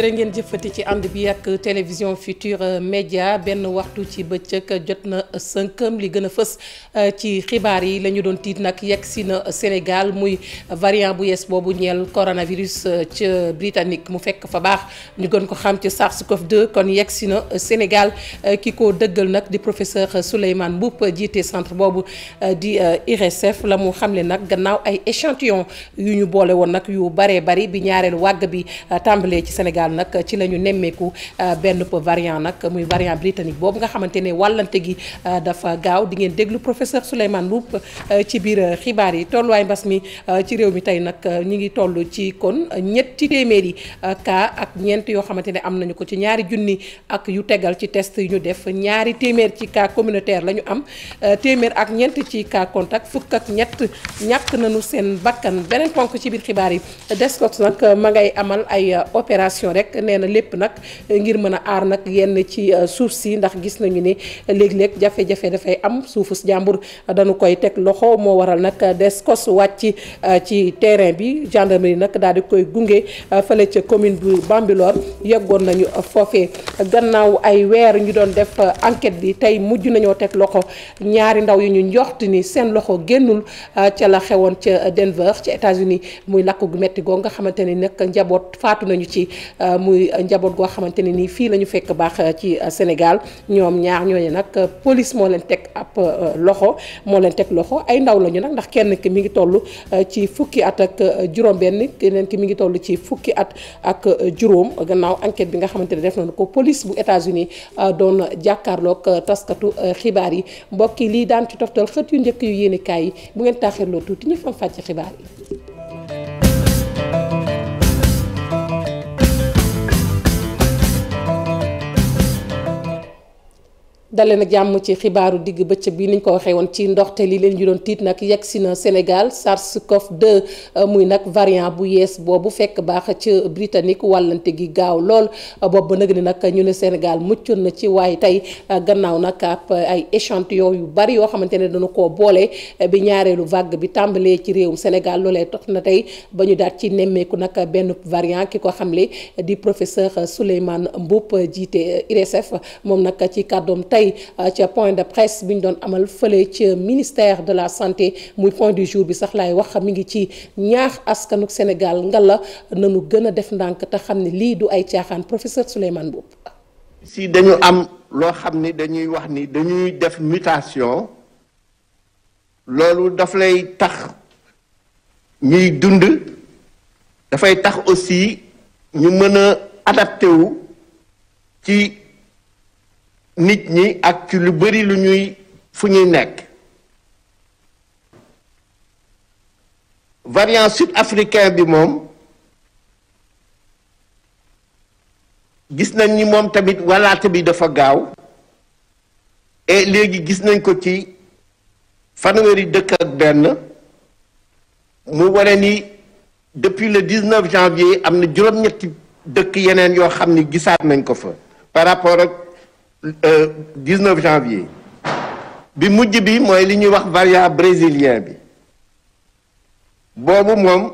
jërë ngeen jëfati ci ànd bi ak télévision Futurs Médias benn waxtu ci bëccëg jot na sënkam li gën a fës euh, ci xibaar yi la ñu doon tiit nag yegg si na Sénégal muy variant bu yees boobu ñeel coronavirus euh, ca Britannique mu fekk fa baax ñu gën ko xam ci SARS-CoV-2 kon yegg si na Sénégal euh, ki ko dëggal nag di professeur Souleymane Mboup jiite centre boobu di IRSF la mu xamle nag gannaaw ay échantillon yu ñu boole woon nag yu baree bari bi ñaareelu wàgg bi tàmbalee ci Sénégal. Sénégal nag ci la ñu nemmeeku euh, benn variant nag muy variant britannique boobu nga xamante ne wàllante gi euh, dafa gaaw di ngeen déglu professeur Souleymane Mboup euh, ci biir xibaar yi tolluwaay mbas mi ci réew mi tey nag ñu ngi toll ci kon ñetti téeméeri cas ak ñeent yoo xamante ne am nañu ko ci ñaari junni ak yu tegal ci test yu ñu def ñaari téeméer ci cas communautaire la ñu am téeméer ak ñeent ci cas contact fukk ak ñett ñàkk nañu seen bakkan beneen ponk ci xibaar yi Descox rek nee na lépp nag ngir mën a aar nag yenn ci euh, suuf si ndax gis nañu ni léeg-léeg jafe-jafe dafay am suufu jàmbur dañu koy teg loxo moo waral nag des kos wàcc euh, ci terrain bi gendarmerie nag daal di koy gunge euh, fële ca commune bu Bambilor yeggoon nañu foofee gannaaw ay weer ñu doon def enquête bi tey mujj nañoo teg loxo ñaari ndaw yu ñu njoxt ni seen loxo génnul ca la xewoon ca Denver ci États-Unis muy lakk gu metti goo nga xamante ni nag njaboot faatu nañu ci Euh, muy njaboot goo xamante ne nii fii la ñu fekk baax euh, ci euh, Sénégal ñoom ñaar ñooñu nag police moo leen teg ab loxo moo leen teg loxo ay ndaw lañu nag ndax kenn ki mi ngi toll ci fukki at ak juróom-benn keneen ki mi ngi toll ci fukki at ak juróom gannaaw enquête bi nga xamante ne def nañu ko police bu États-Unis doon jàkkaarloog taskatu xibaar yi mbokk yi lii daan ci toftal xët yu njëkk yu yéene yi bu ngeen taaxirloo tuuti ñu fam fàcc xibaar yi. dalee na jàmm ci xibaaru digg bëccëg bi niñ ko waxee woon ci ndoxte li leen ñu doon tiit nag yegg si na Sénégal SARS-CoV-2 euh, muy nag variant bu yees boobu fekk baax ci britannique wàllante gi gaaw lool boobu nag ni nag ñu ne Sénégal muccoon na ci waay tey euh, gannaaw nag ab euh, ay échantillon yu bari yoo xamante ne dañu ko boole bi ñaareelu vague bi tàmbalee ci réewum Sénégal loolee tax na tey ba ñu daal ci nemmeeku nag benn variant ki ko xamle di professeur Souleymane Mboup jiite IRESSEF moom nag ci kàddoom tey tey euh, ca point de presse bi ñu doon amal fële ca ministère de la santé muy point du jour bi sax laay wax mu ngi ci ñaax askanu Sénégal nga la nanu gën a def ndànk te xam ne lii du ay caaxaan professeur Souleymane Mboup si dañu am loo xam ne dañuy wax ni dañuy def mutation loolu daf lay tax ñuy dund dafay tax aussi ñu mën a adapté ci nit ñi ak ci lu bari lu ñuy fu ñuy nekk variant sud africain bi moom gis nañ ni moom tamit walaate bi dafa gaaw léegi gis nañ ko ci fanweeri dëkk ak benn mu ware ni depuis le 19 janvier am na juróom-ñetti dëkk yeneen yoo xam ne gisaat nañ ko fa par rapport ak 19 euh, janvier bi mujj bi mooy li ñuy wax variant brésilien bi boobu moom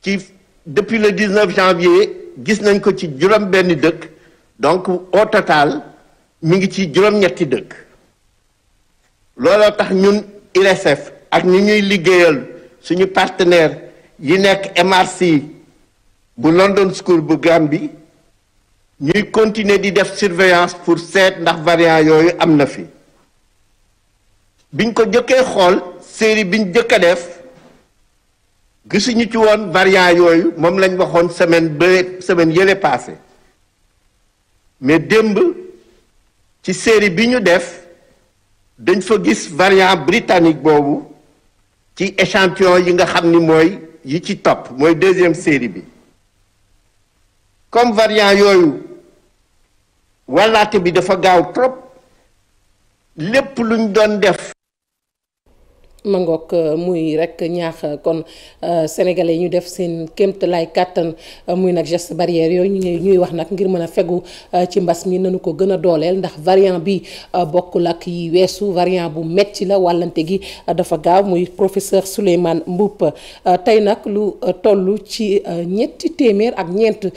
ci depuis le 19 janvier gis nañ ko ci juróom-benn dëkk donc au total mi ngi ci juróom-ñetti dëkk looloo tax ñun IRESSEF ak ñi ñuy liggéeyal suñu partenaire yi nekk MRC bu London School bu bi ñuy continuer di def surveillance pour seet ndax variant yooyu am na fi biñ ko jëkkee xool série biñ jëkk a def gisuñu ci woon variant yooyu moom lañ waxoon semaine ba semaine yële passé mais démb ci série bi ñu def dañ fa gis variant britannique boobu ci échantillon yi nga xam ni mooy yi ci topp mooy deuxième série bi comme variant yooyu walaate bi dafa gaaw trop lépp luñ doon def mangook euh, muy rek ñaax euh, kon euh, sénégale yi ñu def seen kémt lay kàttan muy nag geste barrière yooyu ñu ñuy wax nag ngir mën a fegu ci mbas mi nañu ko gën a dooleel ndax variant bi bokkul ak yi weesu variant bu metti la wàllante gi dafa gaaw muy professeur Souleymane Mboup tey nag lu toll ci ñetti téeméer ak ñeent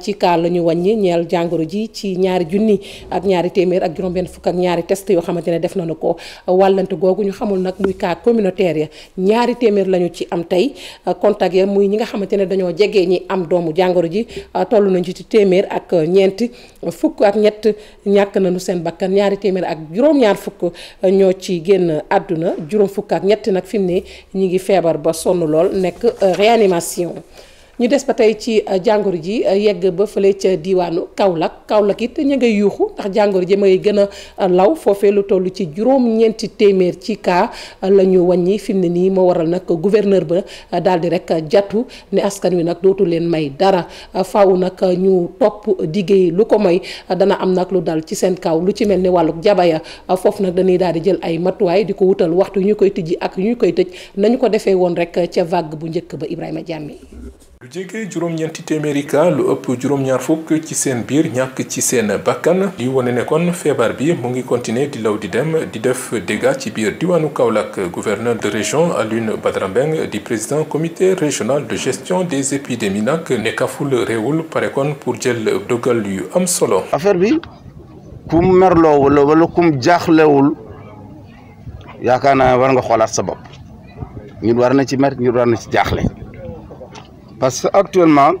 ci cas la ñu wàññi ñeel jàngoro ji ci ñaari junni ak ñaari téeméer ak juróom ñaari test yoo xamante ne def nañu ko wàllante googu ñu xamul nag muy cas communautaire ya ñaari téeméer lañu ci am tey euh, contact ya muy ñi nga xamante ne dañoo jege ñi am doomu jàngoro ji euh, toll nañu ci téeméer ak euh, ñeenti fukk ak ñett ñàkk nañu seen bakkan ñaari téeméer ak juróom-ñaar fukk ñoo ci génn àdduna juróom fukk ak ñett nag fi mu ne ñi ngi feebar ba sonn lool nekk réanimation ñu des ba tey ci euh, jàngoro ji euh, yegg ba fële ca diwaanu Kaolack Kaolack it ña ngay yuuxu ndax jàngoro ji ma ngay gën a euh, law foofee lu toll ci juróom-ñeenti téeméer ci cas la waññi wàññi fi mu ne nii moo waral nag gouverneur ba daal di rek jattu ne askan wi nag dootu leen may dara faw nag ñu topp diggéey lu ko may dana am nag lu dal ci seen kaw lu ci mel ni wàlluk ya foofu nag dañuy daal di jël ay matuwaay di ko wutal waxtu ñu koy tijji ak yu ñu koy tëj nañu ko defee woon rek ca vague bu njëkk ba Ibrahima Diamé lu jege juróom téeméeri cas lu ëpp juróom-ñaar fukk ci seen biir ñàkk ci seen bakkan li wane ne kon feebar bi mu ngi continuer di law di dem di def dégâts ci biir diwaanu Kaolack gouverneur de région Alioune Badara Mbengue di président comité régional de gestion des épidémies nag nekkaful réewul pare kon pour jël dogal yu am solo. affaire bi ku mu merloo wala wala ku jaaxlewul yaakaar naa war nga xoolaat sa bopp ñun war na ci mer ñun war na ci jaaxle. parce que actuellement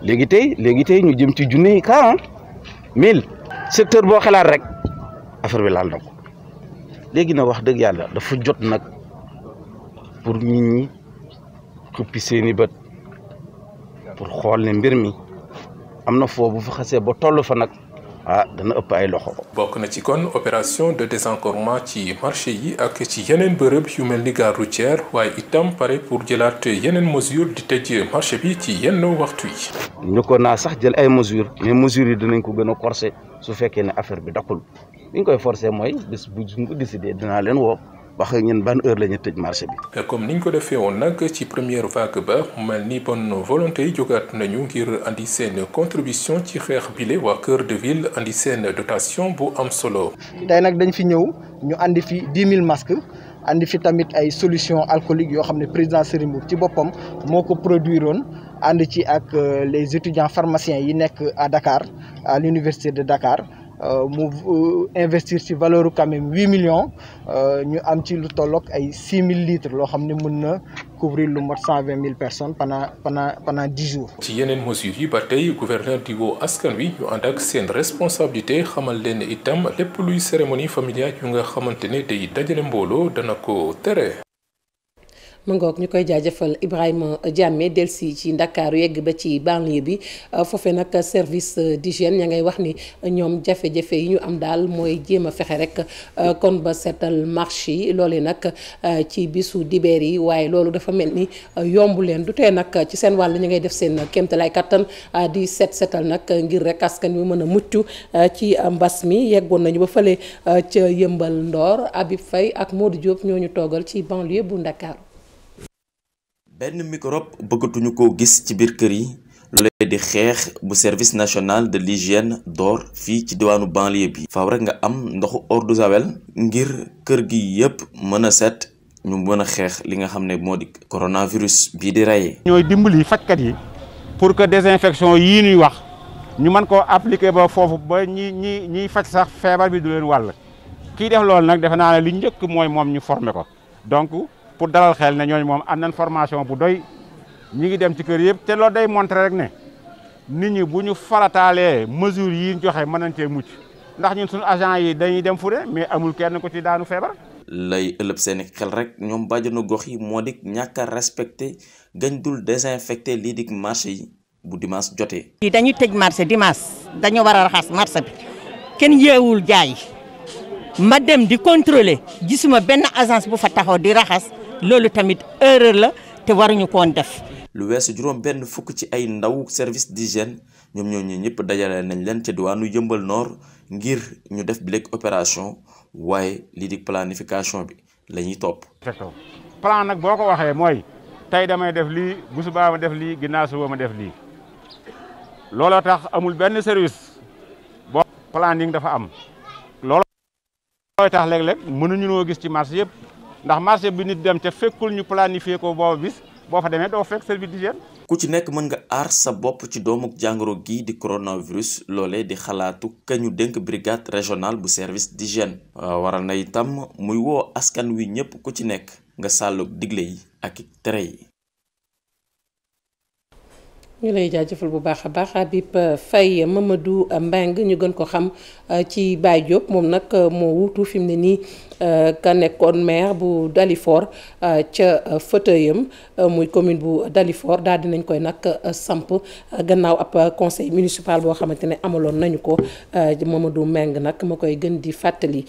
léegi tey léegi tey ñu jëm ci junne yi cas ah secteur boo xalaat rek affaire bi laal na léegi nag wax dëgg yàlla dafa jot nag pour nit ñi xuppi seeni bët pour xool ne mbir mi am na foo bu fa xasee ba toll fa nag. ah dana ëpp ay loxo. bokk na ci kon opération de désencombrement ci marché yi ak ci yeneen bërëb yu mel ni gare routière waaye itam pare pour jëlaat yeneen mesure di tëj marché bi ci yenn waxtu yi. ñu ko naa sax jël ay mesures mais mesures yi dinañ ko gën a corser su fekkee ne affaire bi dakul li ñu koy forcer mooy bés bu décidé dinaa leen woo. wax ak ñun ban heure la ñu tëj marché bi. comme niñ ko defee woon nag ci première vague ba mu mel ni bonne volonté jógaat nañu ngir andi seen contribution ci xeex bile waa Cœur de Ville andi seen dotation bu am solo. tey nag dañ fi ñëw ñu indi fi dix mille masques. andi fi tamit ay solution alcoolique yoo xam ne président Serigne ci boppam moo ko produire woon ànd ci ak euh, les étudiants pharmaciens yi nekk à Dakar à l'université de Dakar Euh, mu euh, investir ci valeur quand même huit millions euh, ñu am ci lu tolloog ay six mille litres loo xam ne mën na couvrir lu mot cent mille personnes pendant pendant pendant dix jours. ci yeneen mesures yi ba tey gouverneur di woo askan wi ñu ànd ak seen responsabilité xamal leen itam lépp luy cérémonie familiale yu nga xamante ne day dajale mbooloo dana ko tere. ma ngoog ñu koy jaajëfal Ibrahima Diame delsi ci Ndakaaru yegg ba ci banlieue bi euh, foofe nag service di d'hygiène ña ngay wax ni ñoom jafe-jafe yi ñu am daal mooy jéem a fexe rek euh, kon ba seetal marché yi loole nag euh, ci bisu dibeer yi waaye loolu dafa mel ni yombu leen du tee nag ci seen wàll ñu ngay def seen kéemtalaay kattan di set setal nag ngir rek askan wi mën a mucc ci mbas mi yeggoon nañu ba fële ca yëmbal ndoor Habib fay ak Modou Diop ñoo ñu toogal ci banlieue bu Ndakaaru benn microbe bëggatuñu ko gis ci biir kër yi loolee di xeex bu service national de l'hygiène door fii ci diwaanu banlieue bi faaw rek nga am ndoxu eau de ngir kër gi yépp mën a set ñu mën a xeex li nga xam ne moo di coronavirus bii di reyee ñooy dimbali fajkat yi pour que désinfection yii nuy wax ñu mën koo appliquer ba foofu ba ñi ñi ñiy faj sax feebar bi du leen wàll kii def loolu nag defe naa ne li njëkk mooy moom ñu former ko donc pour dalal xeel ne ñooñu moom am nañ formation bu doy ñi ngi dem ci kër yëpp te loolu day montré rek ne nit ñi bu ñu farataalee mesures yi ñu joxe mën nañ cee ndax ñun suñu agent yi dañuy dem fu fure mais amul kenn ko ci daanu feebar. lay ëllëb seeni xel rek ñoom bàjjenu gox yi moo di ñàkk a respecté gañ dul désinfecté lii di marché yi bu dimanche jotee. yi dañuy tëj marché dimanche dañu war a raxas marché bi kenn yeewul jaay ma dem di contrôler gisuma benn agence bu fa taxaw di raxas loolu tamit erreur la te waruñu koon def. lu weesu juróom benn fukk ci ay ndaw service d'hygiène ñoom ñoo ñu ñëpp dajale nañ leen ci diwaanu Yeumbeul noor ngir ñu def bi léegi opération waaye lii di planification bi la ñuy topp. plan nag boo ko waxee mooy tey damay def lii bu subaa ma def lii ginnaaw suba ma def lii looloo tax amul benn service boo planning dafa am looloo tax léeg-léeg mënuñu noo gis ci marché yëpp. ndax marché bi nit dem te fekkul ñu planifier ko booba bis boo fa demee doo fekk service d'hygiène ku ci nekk mën nga aar sa bopp ci doomu jàngoro gii di coronavirus loolee di xalaatu ka ñu dénk brigade régional bu service d'hygiène euh, waral na itam muy woo askan wi ñëpp ku ci nekk nga sàllug digle yi ak it tere yi ñu lay jaajëfal bu baax a baax Habib Faye du Mbeng ñu gën ko xam euh, ci Baye Diop moom nag euh, moo wuutu fi mu ne nii Euh, ka nekkoon maire bu Dalifort euh, ca euh, fauteuilam muy commune bu Dalifort daal nañ koy nag samp gannaaw ab conseil municipal boo xamante ne amaloon nañu ko Mamadou Meng nag ma koy gën di fàttali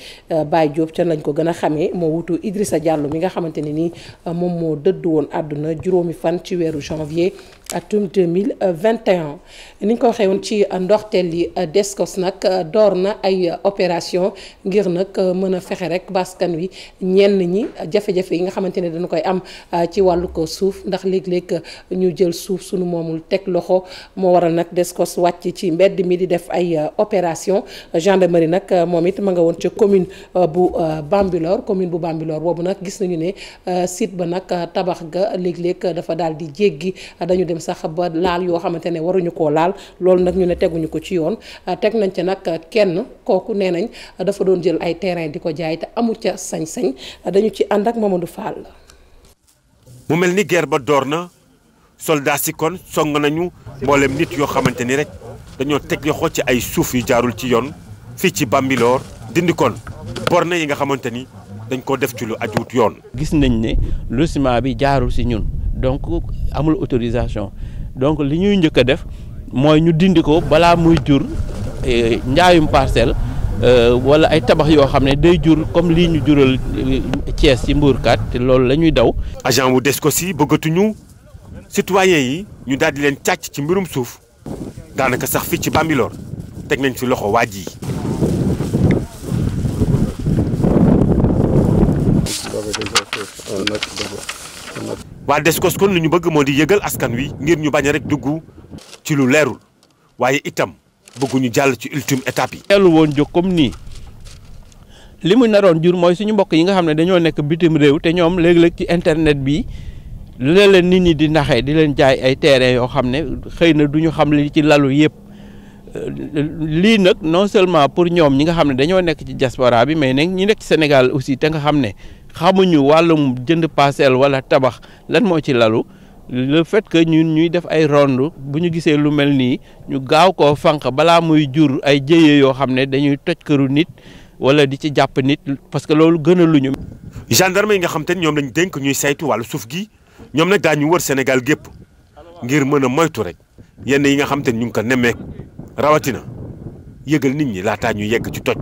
Baye Diop ca lañ ko gën a xamee moo wutu Idrissa Diallo mi nga xamante ne nii moom moo dëdd woon àdduna juróomi fan ci weeru janvier atum 2021 ni ñu ko waxee woon ci ndoxteel yi Descos nag door na ay opération ngir nag mën a fexe rek. askan wi ñenn ñi jafe-jafe yi nga xamante ne dañu koy am ah, ci wàllu ko suuf ndax léeg-léeg ñu jël suuf suñu moomul teg loxo moo waral nag des DSCOS wàcc ci mbedd mi di def ay ah, opération gendarmerie nag ah, moom it ma nga woon ca commune bu Bambilor commune bu bambiloor boobu nag gis nañu ne sit ba nag tabax ga léeg-léeg dafa daal di jéggi dañu dem sax ba laal yoo xamante ne waruñu ko laal loolu nag ñu ne teguñu ko ci yoon teg nañ ca nag kenn kooku nee nañ amul ca sañ dañu ci ànd ak Mamadou Fall. mu mel ni guerre ba door na soldats kon song nañu mbooleem nit yoo xamante ni rek dañoo teg loxo ci ay suuf yu jaarul ci yoon fii ci Bambilor dindi kon borne yi nga xamante ni dañ koo def ci lu ajuut yoon. gis nañ ne lotissement bi jaarul si ñun donc amul autorisation donc li ñuy njëkk a def mooy ñu dindi ko balaa muy jur eh, njaayum parcelle. Euh, wala ay tabax yoo xam ne day jur comme lii ñu jural euh, Thiès ci Mbourkat te loolu la ñuy daw. agent wu des ko si bëggatuñu citoyen yi ñu daal di leen càcc ci mbirum suuf daanaka sax fii ci Bambilor teg nañ ci loxo waaj yi. waa Descos kon lu ñu bëgg moo di yëgal askan wi ngir ñu bañ a rek dugg ci lu leerul waaye itam. bëgguñu jàll ci ultime étape yi. teelu woon jóg comme nii li mu naroon jur mooy suñu mbokk yi nga xam ne dañoo nekk bitim réew te ñoom léeg-léeg ci internet bi lu leen nit ñi di naxee di leen jaay ay terrain yoo xam ne xëy na du ñu xam li ci lalu yëpp. Euh, lii nag non seulement pour ñoom ñi nga xam ne dañoo nekk ci diaspora bi mais nag ñi nekk ci Sénégal aussi te nga xam ne xamuñu wàllum jënd parcelle wala tabax lan moo ci lalu. le fait que ñun ñuy def ay ronde bu ñu gisee lu mel nii ñu gaaw koo fànq balaa muy jur ay jéyee yoo xam ne dañuy toj këru nit wala di ci jàpp nit parce que loolu gën a luñu. gendarme yi nga xam te ni ñoom lañ dénk ñuy saytu wàllu suuf gi ñoom nag ñu wër Sénégal gépp ngir mën a moytu rek yenn yi nga xam te ni ñu ngi ko nemmeek rawatina yëgal nit ñi laataa ñu yegg ci toj.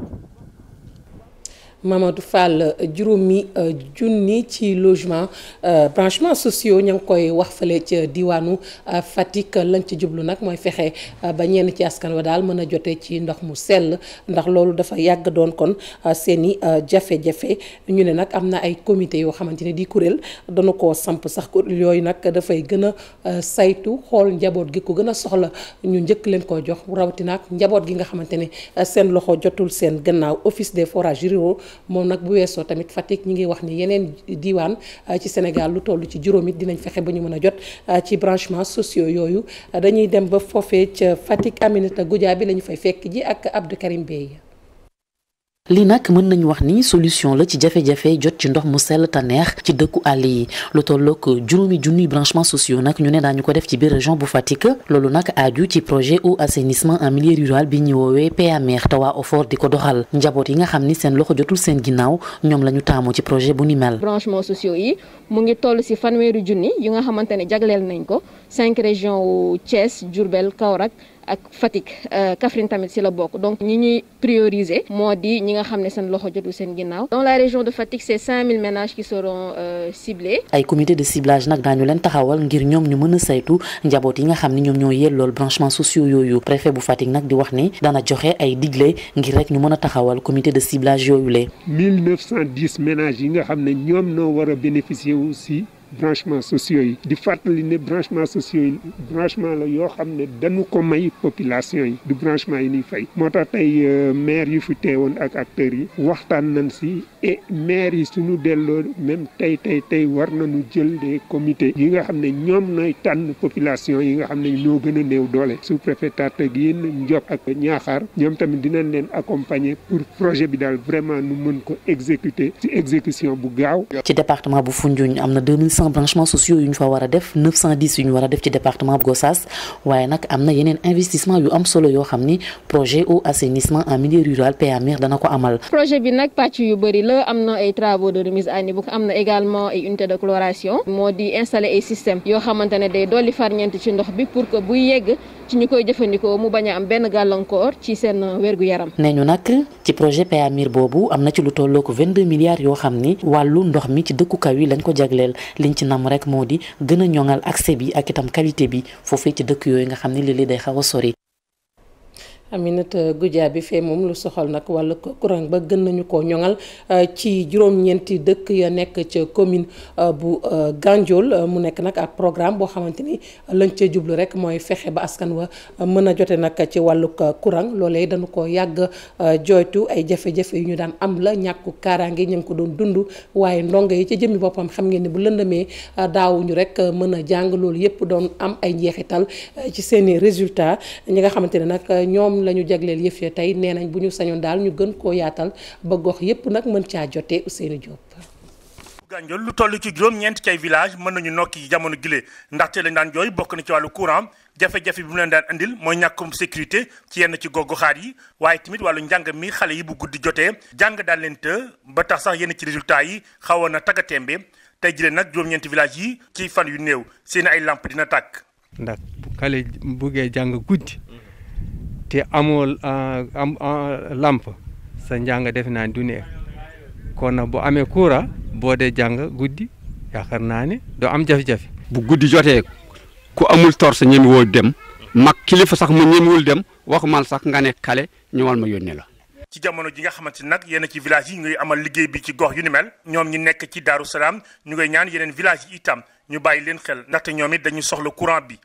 Mamadou Fall euh, juróomi euh, junni ci logement euh, branchement sociaux ña ngi koy wax fale ca diwaanu Fatick lañ ci jublu nag mooy fexe ba ñenn ci askan wa daal mën a jote ci ndox mu sell ndax loolu dafa yàgg doon kon seen i jafe-jafe ñu ne nag am na ay comité yoo xamante ne di kuréel dana ko samp sax kuréel yooyu nag dafay gën a saytu xool njaboot gi ko gën a soxla ñu njëkk leen koo jox rawatina ak njaboot gi nga xamante ne seen loxo jotul seen gannaaw office des forages ruraux moom nag bu weesoo tamit Fatick ñi ngi wax ni yeneen diiwaan euh, ci Sénégal lu toll ci juróom dinañ fexe ba ñu mën a jot euh, ci branchement sociaux yooyu euh, dañuy dem ba foofee ca Fatick Aminata Goudia bi la ñu fay fekk ji ak Abdou Karim Bey li nag mën nañu wax ni solution la ci jafe-jafe jot ci ndox mu sell te neex ci dëkku àll yi lu tolloog juróomi junniy branchement sociaux nag ñu ne daañu ko def ci biir région bu Fatick loolu nag aju ci projet eau assainissement en milieu rural bi ñu woowee PAMER te waa di ko doxal njaboot yi nga xam ni seen loxo jotul seen ginnaaw ñoom la ñu taamu ci projet bu ni mel. branchement sociaux yi mu ngi toll si fanweeri junni yi nga xamante ne jagleel nañ ko cinq régions wu Thiès Diourbel Kaolack ak Fatick euh, Kaffrine tamit si la bokk donc ñi ñuy prioriser moo di ñi nga xam ne seen loxo jotul seen ginnaaw dans la région de Fatick c'est 5000 ménages qui seront euh, ciblés. ay comité de ciblage nag daañu leen taxawal ngir ñoom ñu mën a saytu njaboot yi nga xam ne ñoom ñoo yellool branchement sociaux yooyu préfet bu Fatick nag di wax ni dana joxe ay digle ngir rek ñu mën a taxawal comité de ciblage yooyu le 1910 ménages yi nga xam ne ñoom noo war a bénéficier aussi branchement sociaux yi di fàttali ne branchement sociaux yi branchement la yoo xam ne dañu ko may population yi du branchement yi ñuy fay moo tax tey euh, maire yi fi teewoon ak acteurs yi waxtaan nañ si et maire yi suñu delloo même tey tey tey war nañu jël de comités yi nga xam ne ñoom nooy tànn population yi nga xam ne ñoo gën a néew doole sous préfet Tataguine Ndiop ak ñaaxaar ñoom tamit dinañ leen accompagner pour projet bi daal vraiment nu mën ko exécuter ci exécution bu gaaw 800 sociaux yu ñu fa war def yu ñu war def ci département Gossas waaye nag am na yeneen investissement yu am solo yoo xam ni projet eau assainissement en milieu rural PAMIR dana ko amal. projet bi nag pàcc yu bëri la am na ay travaux de remise à niveau am na également ay unité de chloration moo di installer ay système yoo xamante ne day dolli farñeent ci ndox bi pour que buy yegg. ci ñu koy jëfandikoo mu bañ a am benn gàllankoor ci seen wergu yaram. ne ñu nag ci projet PAMIR boobu am na ci lu tolloo ko vingt 22 milliards yoo xam ni wàllu ndox mi ci dëkku kaw yi lañ ko jagleel liñ ci namm rek moo di gën a ñoŋal accès bi ak itam qualité bi foofee ci dëkk yooyu nga xam ni lii day xaw a sori. Aminata Goudiaby fee moom lu soxal nag wàllu courant ba gën nañu ko ñoŋal euh, ci juróom-ñeenti dëkk ya nekk ca commune euh, bu euh, Gandiol mu nekk nag ak programme boo xamante ni lañ ca jublu rek mooy fexe ba askan wa mën a jote nag ci wàllu courant loolee dañu ko yàgg jooytu ay jafe yu ñu daan am la ñàkku kaaraange ñu ngi ko doon dund waaye ndongo yi ci jëmmi boppam xam ngeen ni bu lëndamee daawuñu rek mën a jàng loolu yëpp doon am ay njeexital ci seeni résultats ñi xamante nag ñoom la ñu jagleel yëf ya tey nee nañ bu ñu sañoon daal ñu gën koo yaatal ba gox yépp nag mën caa jotee Ousseynou Diop. Gandiol lu toll ci juróom-ñeent cay village mën nañu nokki jamono gile ndaxte lañ daan jooy bokk na ci wàllu courant jafe-jafe bi mu leen daan indil mooy ñàkkum sécurité ci yenn ci gox-goxaat yi waaye tamit wàllu njàng mi xale yi bu guddi jotee jàng daal leen të ba tax sax yenn ci résultat yi xawoon na tagatémbe tey jile nag juróom-ñeenti village yi ci fan yu néew seen ay làmp dina tàkk. ndax buggee jàng guddi te amul euh, am euh, làmp sa njàng defe naa du neex kon nag boo amee courant boo dee jàng guddi yaakaar naa ni doo am jafe-jafe. bu guddi jotee ku amul torse ñemi woo dem mag kilifa sax mu ñemiwul dem wax waxumal sax nga ne kale ñëwal ma yoon yónnee la. ci jamono ji nga xamante nag yenn ci village yi ñu ngi amal liggéey bi ci gox yu ne mel ñoom ñu nekk ci Daaru Salaam ñu ngay ñaan yeneen village yi itam ñu bàyyi leen xel ndaxte ñoom it dañu soxla courant bi.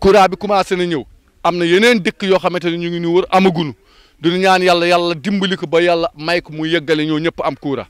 courant bi commencé na ñëw. am na yeneen dëkk yoo xamante ne ñu ngi ñu wër amagunu duñu ñaan yàlla yàlla dimbali ko ba yàlla may ko mu yeggale ñoo ñëpp am kuura.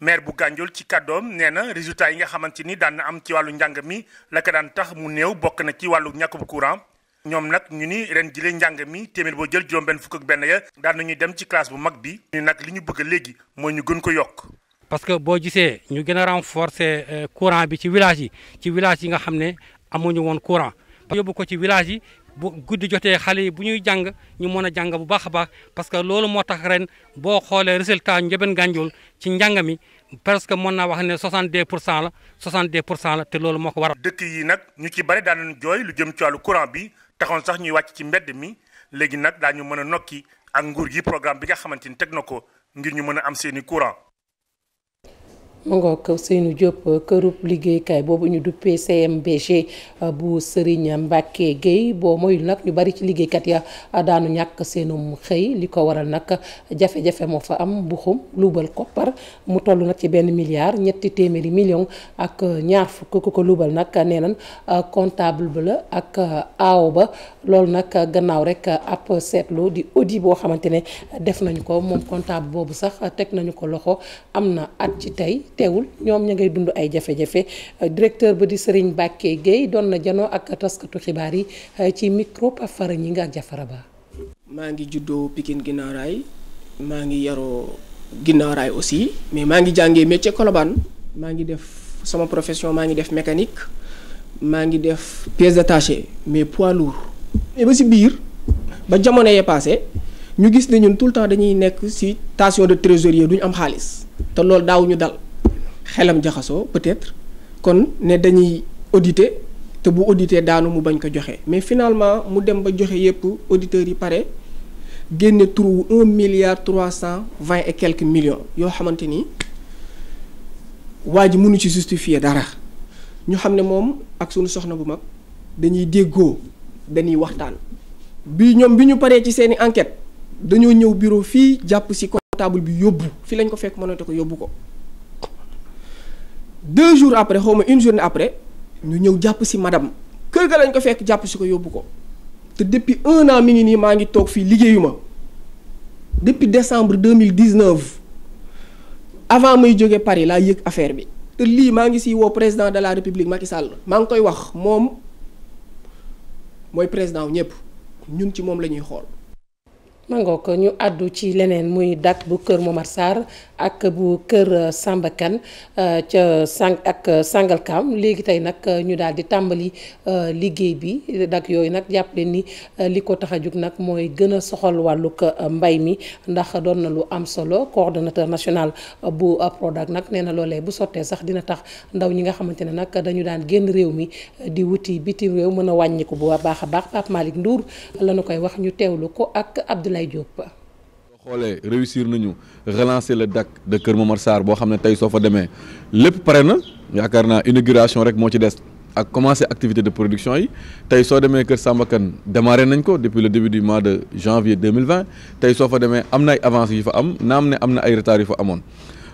maire bu Gandiol ci kaddoom nee na résultat yi nga xamante ni daan na am ci wàllu njàng mi la ko daan tax mu néew bokk na ci wàllu ñàkk bu courant ñoom nag ñu ni ren jile njàng mi teemel boo jël juróom-benn fukk ak benn ya daan nañuy dem ci classe bu mag bi nag li ñu bëgg léegi mooy ñu gën ko yokk. parce que boo gisee ñu gën a renforcer euh, courant bi ci village yi ci village yi nga xam ne amuñu woon courant. yi bu guddi jotee xale yi bu ñuy jàng ñu mën a jàng bu baax a baax parce que loolu moo tax ren boo xoolee résultat Ndiobène Gandiol ci njàng mi que mën naa wax ne 62 pour cent la 62 pour cent la te loolu moo ko waral. dëkk yi nag ñu ci bari daan jooy lu jëm ci wàllu courant bi taxoon sax ñuy wàcc ci mbedd mi léegi nag ñu mën a nokki ak nguur gi programme bi nga xamante ni teg na ko ngir ñu mën a am seeni courant. mu ngoog Seynou Diop kërub boobu ñu duppee uh, bu Serigne Mbacke Gueye boo moyul nag ñu bari ci liggéeykat ya uh, daanu ñàkk seenum xëy li ko waral nag jafe moo fa am buxum luubal koppar mu toll nag ci benn milliard ñetti téeméeri million ak uh, ñaar fukk ku nag nee nañ comptable ba la ak aaw ba loolu nag gannaaw rek ab di audit boo xamante ne def nañu ko moom comptable boobu sax teg nañu ko loxo am na at ci tey teewul ñoom ña ngay dund ay jafe-jafe directeur ba di Serigne Bakke Gueye doon na janoo ak taskatu xibaar yi eh, ci micro Pape ñi nga ak Jafara Ba. maa ngi juddoo Pikine ginnaaw raay maa ngi yaroo ginnaaw raay aussi mais maa ngi jàngee métier koloban maa ngi def sama profession maa ngi def mécanique maa ngi def pièces détachées mais poids lourd mais ba si biir ba jamono yee paase ñu gis ne ñun tout le temps dañuy nekk si station de trésorerie duñu am xaalis te loolu daawuñu xelam jaxasoo peut-être kon ne dañuy auditer te bu auditer daanu mu bañ ko joxe mais finalement mu dem ba joxe yépp auditeurs yi pare génne trou un milliard trois cent vingt et quelques millions yoo xamante ni waa ji mënu ci justifier dara ñu xam ne moom ak sunu soxna bu mag dañuy déggoo dañuy waxtaan. bi ñoom bi ñu paree ci seeni enquête dañoo ñëw bureau fii jàpp ci comptable bi yóbbu fi lañ ko fekk mënate ko yóbbu ko. deux jours après xaw ma une journée après ñu ñëw jàpp si madame kër ga lañ ko fekk jàpp si ko yóbbu ko te depuis un an mi ngi nii maa ngi toog fii liggéeyu ma depuis décembre deux mille dix neuf avant may jóge Paris laa yëg affaire bi te lii maa ngi si woo président de la république Macky Sall maa ngi koy wax moom mooy président wu ñëpp ñun ci moom la ñuy xool. mangook ñu àddu ci leneen muy dak bu kër Momar Sarr ak bu kër Samba Kane euh, ca sang ak Sangalkam léegi tey nag ñu daal di tàmbali euh, liggéey bi dak yooyu nag jàpp leen ni euh, li ko tax a jug nag mooy gën a soxal wàllug mbay mi ndax doon na lu am solo coordonnateur national bu Prodac nag nee na loolee bu sottee sax dina tax ndaw ñi nga xamante ne nag dañu daan génn réew mi di wuti bitim réew mën a wàññiku bu baax a baax Pape nduur Ndour koy wax ñu teewlu ko ak Abdoulaye Abdoulaye xoolee réussir nañu relancer le DAC de Kër Momar Sarr boo xam ne tey soo fa demee lépp pare na yaakaar naa inauguration rek moo ci des ak commencer activité de production yi tey soo demee Kër Samba Kane démarré nañ ko depuis le début du mais de janvier 2020 tey soo fa demee am na ay avances yu fa am am ne am na ay retards yu fa amoon.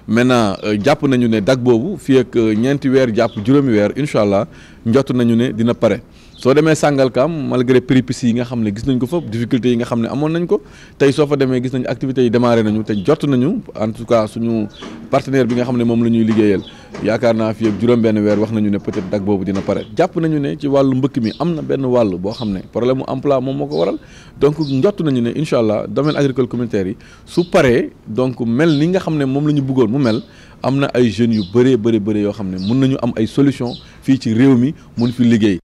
maintenant euh, jàpp nañu ne DAC boobu fii euh, ñeenti weer jàpp juróomi weer incha allah njott nañu ne dina pare. soo demee Sangalkam malgré péripéties yi nga xam ne gis nañ ko fa difficultés yi nga xam ne amoon nañ ko tey soo fa demee gis nañ activités yi démarré nañu te jot nañu en tout cas suñu partenaire bi nga xam ne moom la ñuy liggéeyal yaakaar naa fi ak juróom-benn weer wax nañu ne peut-être dag boobu dina pare jàpp nañu ne ci wàllu mbëkk mi am na benn wàll boo xam ne problème mu emploi moom moo ko waral donc njott nañu ne incha allah domaine agricole communautaire yi su paree donc mel ni nga xam ne moom la ñu bëggoon mu mel am na ay jeunes yu bëree bëri bëri yoo xam ne mun nañu am ay solution fii ci réew mi mun fi liggéey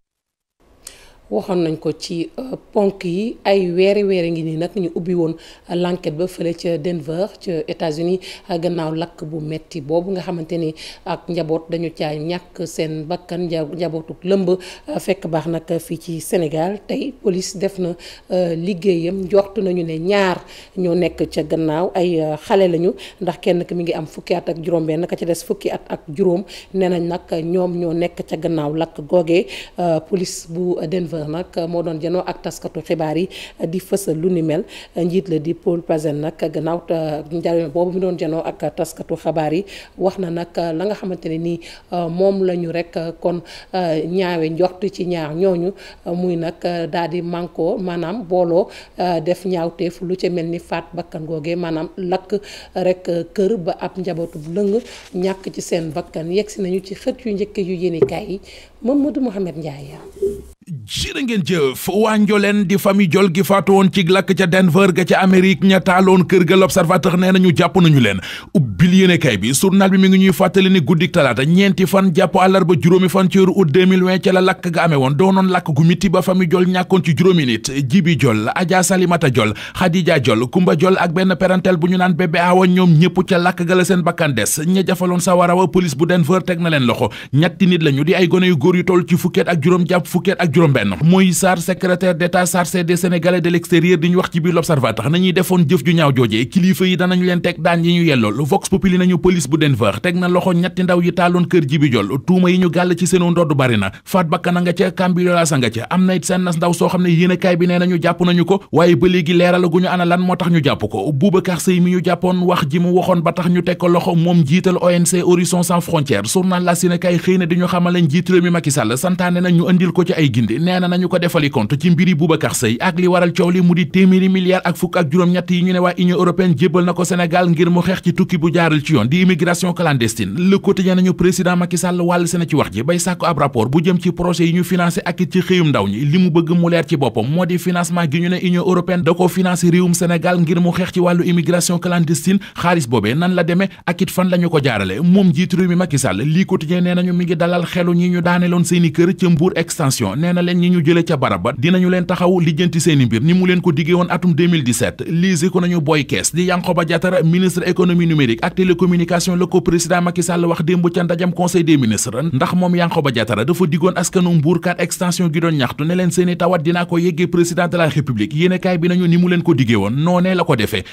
waxoon nañ ko ci euh, ponk yi ay weeri weeri ngi nii nag ñu ubbi woon euh, l'enquête ba fële ca Denver ca États-Unis euh, gannaaw lakk bu metti boobu nga xamante ni ak njaboot dañu caa ñàkk seen bakkan njabootuk lëmb fekk baax nag fii ci Sénégal tey police def na liggéeyam joxtu nañu ne ñaar ñoo nekk ca gannaaw ay xale lañu ndax kenn ki mi ngi am fukki at ak juróom-benn ka ca des fukki at ak juróom nee nañ nag ñoom ñoo nekk ca gannaaw lakk googe police bu Denver. gouverneur nag moo doon janoo ak taskatu xibaar yi eh, di fësal lu ni mel eh, njiit la di Paul Pazen nag eh, gannaaw njariñ boobu mu doon janoo ak taskatu xabaar yi wax na nag la nga xamante ne nii moom la ñu rek kon ñaawe njort ci ñaar ñooñu muy nag daal di mànkoo maanaam booloo def ñaawteef lu ci mel ni faat bakkan googe maanaam lakk rek kër ba ab njabootu lëng ñàkk ci seen bakkan yegg si nañu ci xët yu njëkk yu yéenekaay yi Mamadou Mouhamed Ndiaye jërë ngeen jëf waa njoleen di famille jol gi faatu woon ci lakk ca Denver ga ca Amérique ña taaloon kër ga l'observateur nee nañu jàpp nañu leen ubbil yéenekaay bi journal bi mi ngi ñuy fàttali ni guddik talaata ñeenti fan jàpp àllarba juróomi fan ci weeru août 2020 ca la lakk ga amee woon doonoon lakk gu ba famille jol ñàkkoon ci juróomi nit Jibi Jol Adja Salimata Jol Khadija Jol Kumba Jol ak benn parentel bu ñu naan bébé awa ñoom ñëpp ca lakk ga la seen bakkan des ña jafaloon sawara na leen loxo ñetti nit lañu di ay gone yu ci fukkeet ak juróom jàpp juróom-benn mooy Sarr secrétaire d'état chargé des sénégalais de l'extérieur di ñu wax ci biir l'observateur nañuy defoon jëf ju ñaaw joojee kilifa yi danañu leen teg daan yi ñu yellool vox populi nañu police bu Denver teg na loxo ñetti ndaw yi taaloon kër Jibi Jol tuuma yi ñu gàll ci seenu ndodd bari na faat bakkan a nga ca cambriolage nga ca am na it ndaw soo xam ne yéenekaay bi nee nañu jàpp nañu ko waaye ba léegi leeralaguñu ana lan moo tax ñu jàpp ko Boubacar wax ji waxoon ba tax ñu teg ko loxo moom jiital ONC Horizon Sans Frontières journal la yéenekaay xëy na ko ci ay bind nañu ko defali compte ci mbiri Boubacar Seye ak li waral coow li mu di téeméeri milliards ak fukk ak juróom-ñett yi ñu ne waa union européenne jébbal na ko Sénégal ngir mu xeex ci tukki bu jaarul ci yoon di immigration clandestine le quotidien nañu président Macky wàll seen ci wax ji bay sàkku ab rapport bu jëm ci projet yi ñu financé ak ci xëyum ndaw ñi li mu bëgg mu leer ci boppam moo di financement gi ñu ne union européenne da ko financé na ñu jëlee ca barab ba dinañu leen taxaw lijjanti seeni mbir ni mu leen ko diggee woon atum 2017 ko nañu boy kees di Yankhoba Diattara ministre économie numérique ak télécommunication la ko président Macky wax démb ca ndajam conseil des ministres ndax moom Yankhoba Diattara dafa diggoon askanu Mbour 4 gi doon ñaxtu ne seeni tawat dinaa ko yeggee président de la république yéenekaay bi nañu ni mu leen ko diggee woon noonee la ko defee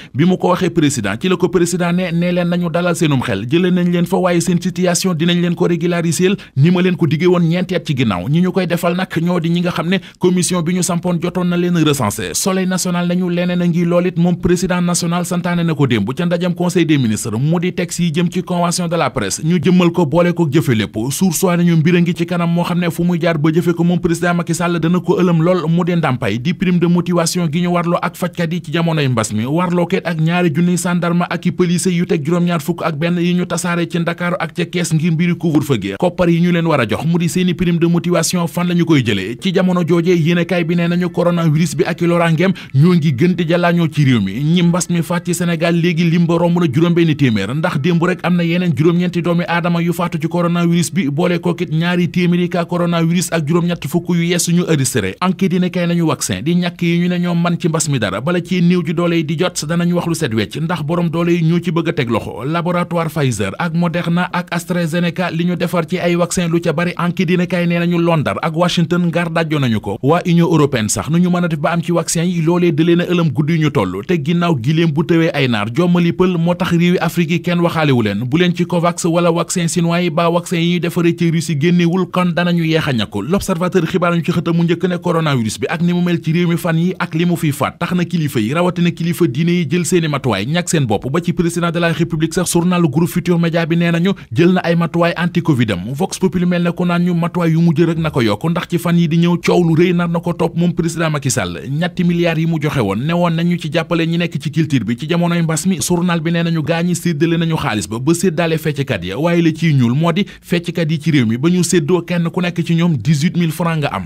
ñoo di ñi nga xam ne commission bi ñu sampoon jotoon na leen recensé soleil national nañu leneen a ngi lool it moom président national santaane na ko démb ca ndajam conseil des ministres mu di texte yi jëm ci convention de la presse ñu jëmmal ko boole ko jëfe lépp sursoi nañu mbir a ngi ci kanam moo xam ne fu muy jaar ba jëfe ko moom président Macky Sall dana ko ëlëm lool mu di ndàmpaay di prime de motivation gi ñu warloo ak fajkat yi ci jamonoy jëlee ci jamono joojee yéenekaay bi nee nañu coronavirus bi ak i loraangeem ñoo ngi gën di jàllaañoo ci réew mi ñi mbas mi faat ci Sénégal léegi lim romb na juróom-benni téeméer ndax démb rek am na yeneen yu faatu ci coronavirus bi boole ñaari téeméeri ka coronavirus ak yu yees ñu enregistré enquête dina nañu vaccin di ñàkk yi ñu ne ñoo man ci mbas mi dara bala ci néew ji doole yi di jot danañu wax lu set wecc ndax borom doole yi ñoo ci ngar dajjoo nañu ko waa union européenne sax nu ñu mën a def ba am ci vaccin yi loolee da leen a ëlëm gudd yu ñu toll te ginnaaw giléem bu tëwee ay naar jommali pël moo tax réewi afrique yi kenn waxaalewu leen bu leen ci covax wala vaccin chinois yi ba vaccin yi ñuy defaree ci Russie génnewul kon danañu yeex a ñàkku l'observateur xibaar ñu ci xëtam mu njëkk ne coronavirus bi ak ni mu mel ci réew mi fan yi ak li mu fiy faat tax na kilifa yi rawatina kilifa diine yi jël bopp ba ci président de la république sax journal groupe futur ko naan ñu matuwaay yu mu jër ak na fan yi di ñëw coow lu rëy nar na ko topp moom président Macky Sall ñetti milliards yi mu joxe woon ne woon nañu ci jàppale ñi nekk ci culture bi ci jamonoy mbas mi journal bi nee nañu gaañi séddale nañu xaalis ba ba séddaale fecckat ya waaye la ciy ñuul moo di fecckat yi ci réew mi ba ñu séddoo kenn ku nekk ci ñoom 18000 francs nga am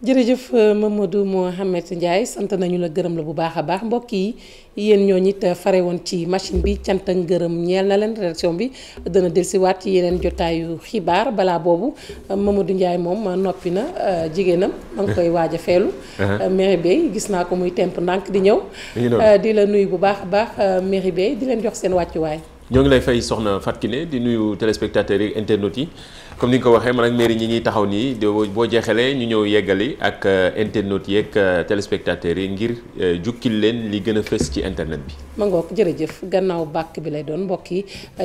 jërëjëf euh, Mamadou Mohamed Ndiaye sant nañu la gërëm la bu baax a baax mbokk yi yéen ñoo ñit euh, fare woon ci machine bi cant ak ngërëm ñeen na leen rédaction bi dana dellusiwaat ci yeneen jotaayu xibaar balaa boobu euh, Mamadou Ndiaye moom noppi na jigéenam ma ngi koy waaja feelu uh-huh. Mary Bey gis naa ko muy temp ndànk di ñëw di la nuyu bu baax a baax Mary Bey di leen jox seen wàccuwaay ñoo ngi lay fay soxna Fatkine di nuyu téléspectateurs yi internautes yi comme ni nga ko waxee man ak mairie ñi ñuy taxaw nii boo jeexalee ñu ñëw yeggali ak euh, internautes yeeg euh, téléspectateurs yi ngir euh, jukkil leen li gën a fës ci internet bi. ma ngoog jërëjëf gannaaw bàkk bi lay doon mbokk yi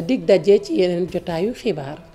dig daje ci yeneen jotaayu xibaar.